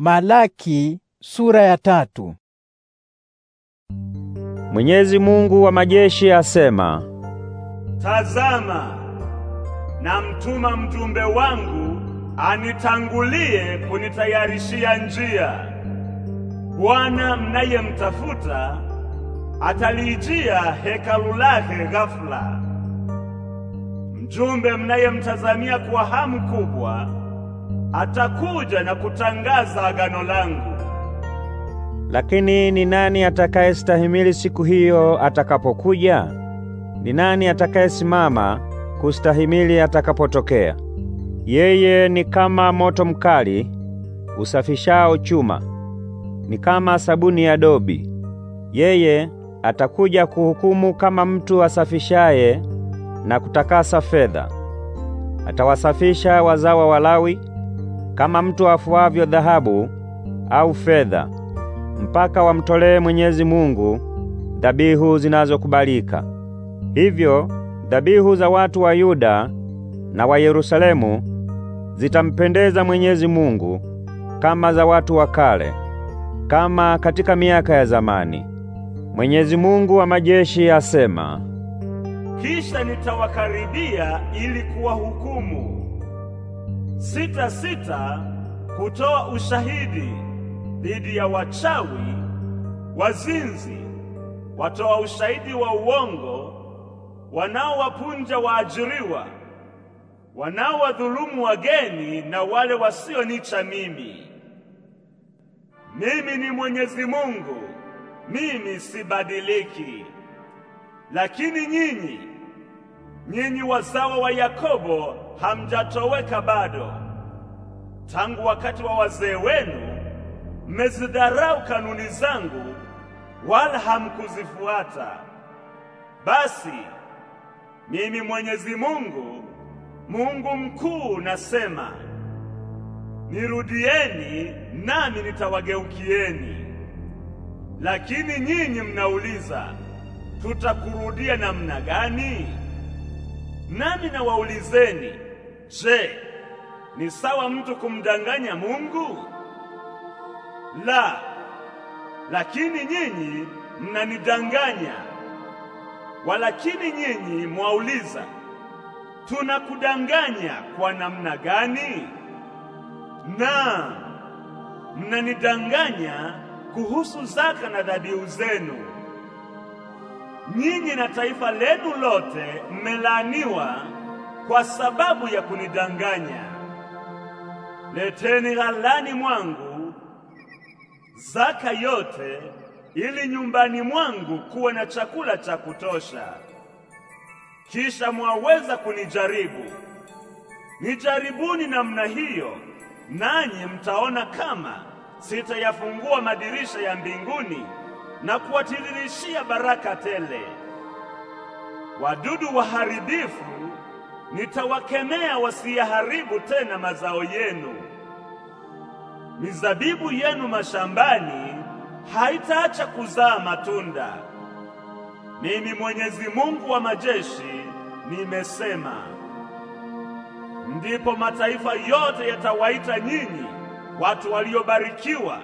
Malaki sura ya tatu. Mwenyezi Mungu wa majeshi asema, Tazama, namtuma mjumbe wangu anitangulie kunitayarishia njia. Bwana mnayemtafuta atalijia hekalu lake ghafula. Mjumbe mnayemtazamia kwa hamu kubwa atakuja na kutangaza agano langu. Lakini ni nani atakayestahimili siku hiyo atakapokuja? Ni nani atakayesimama kustahimili atakapotokea? Yeye ni kama moto mkali usafishao chuma, ni kama sabuni ya dobi. Yeye atakuja kuhukumu kama mtu asafishaye na kutakasa fedha. Atawasafisha wazawa wa Lawi kama mtu afuavyo dhahabu au fedha, mpaka wamtolee Mwenyezi Mungu dhabihu zinazokubalika. Hivyo dhabihu za watu wa Yuda na wa Yerusalemu zitampendeza Mwenyezi Mungu kama za watu wa kale, kama katika miaka ya zamani. Mwenyezi Mungu wa majeshi asema, kisha nitawakaribia ili kuwahukumu. Sita sita kutoa ushahidi dhidi ya wachawi, wazinzi, watoa ushahidi wa uongo, wanaowapunja waajiriwa, wanaowadhulumu wageni na wale wasionicha mimi. Mimi ni Mwenyezi Mungu, mimi sibadiliki. Lakini nyinyi nyinyi wazawa wa Yakobo hamjatoweka bado. Tangu wakati wa wazee wenu mmezidharau kanuni zangu, wala hamkuzifuata. Basi mimi Mwenyezi Mungu, Mungu mkuu, nasema nirudieni, nami nitawageukieni. Lakini nyinyi mnauliza, tutakurudia namna gani? Nami na waulizeni, je, ni sawa mtu kumdanganya Mungu? La, lakini nyinyi mnanidanganya. Walakini nyinyi mwauliza, tunakudanganya kwa namna gani? Na mnanidanganya kuhusu zaka na dhabihu zenu nyinyi na taifa lenu lote mmelaaniwa kwa sababu ya kunidanganya. Leteni ghalani mwangu zaka yote, ili nyumbani mwangu kuwe na chakula cha kutosha. Kisha mwaweza kunijaribu. Nijaribuni namna hiyo, nanyi mtaona kama sitayafungua madirisha ya mbinguni na kuwatiririshia baraka tele. Wadudu waharibifu nitawakemea, wasiyaharibu tena mazao yenu. Mizabibu yenu mashambani haitaacha kuzaa matunda. Mimi Mwenyezi Mungu wa majeshi nimesema. Ndipo mataifa yote yatawaita nyinyi watu waliobarikiwa,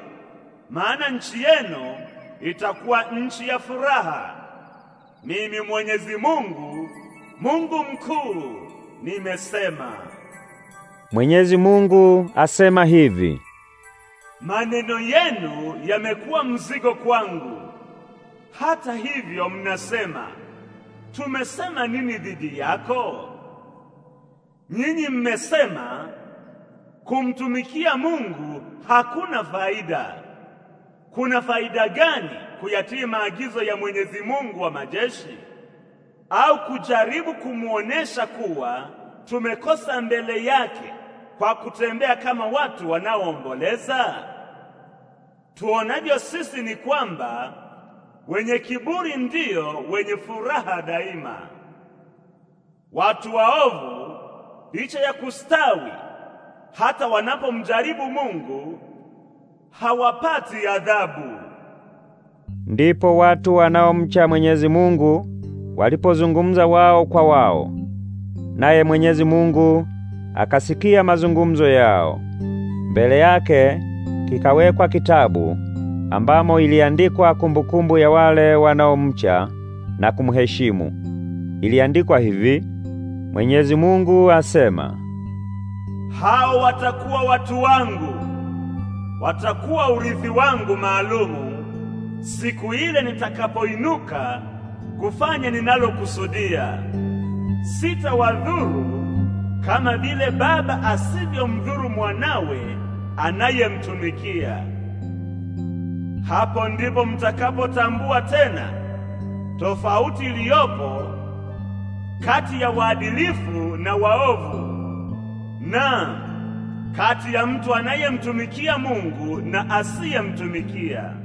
maana nchi yenu itakuwa nchi ya furaha. Mimi Mwenyezi Mungu, Mungu mkuu, nimesema. Mwenyezi Mungu asema hivi: Maneno yenu yamekuwa mzigo kwangu. Hata hivyo mnasema, tumesema nini dhidi yako? Nyinyi mmesema kumtumikia Mungu hakuna faida kuna faida gani kuyatii maagizo ya Mwenyezi Mungu wa majeshi au kujaribu kumuonesha kuwa tumekosa mbele yake kwa kutembea kama watu wanaoomboleza? Tuonavyo sisi ni kwamba wenye kiburi ndiyo wenye furaha daima. Watu waovu licha ya kustawi, hata wanapomjaribu Mungu hawapati adhabu. Ndipo watu wanaomcha Mwenyezi Mungu walipozungumza wao kwa wao, naye Mwenyezi Mungu akasikia mazungumzo yao. Mbele yake kikawekwa kitabu ambamo iliandikwa kumbukumbu ya wale wanaomcha na kumheshimu. Iliandikwa hivi: Mwenyezi Mungu asema, hao watakuwa watu wangu watakuwa urithi wangu maalumu siku ile nitakapoinuka kufanya ninalokusudia. Sitawadhuru kama vile baba asivyomdhuru mwanawe anayemtumikia. Hapo ndipo mtakapotambua tena tofauti iliyopo kati ya waadilifu na waovu na kati ya mtu anayemtumikia Mungu na asiyemtumikia.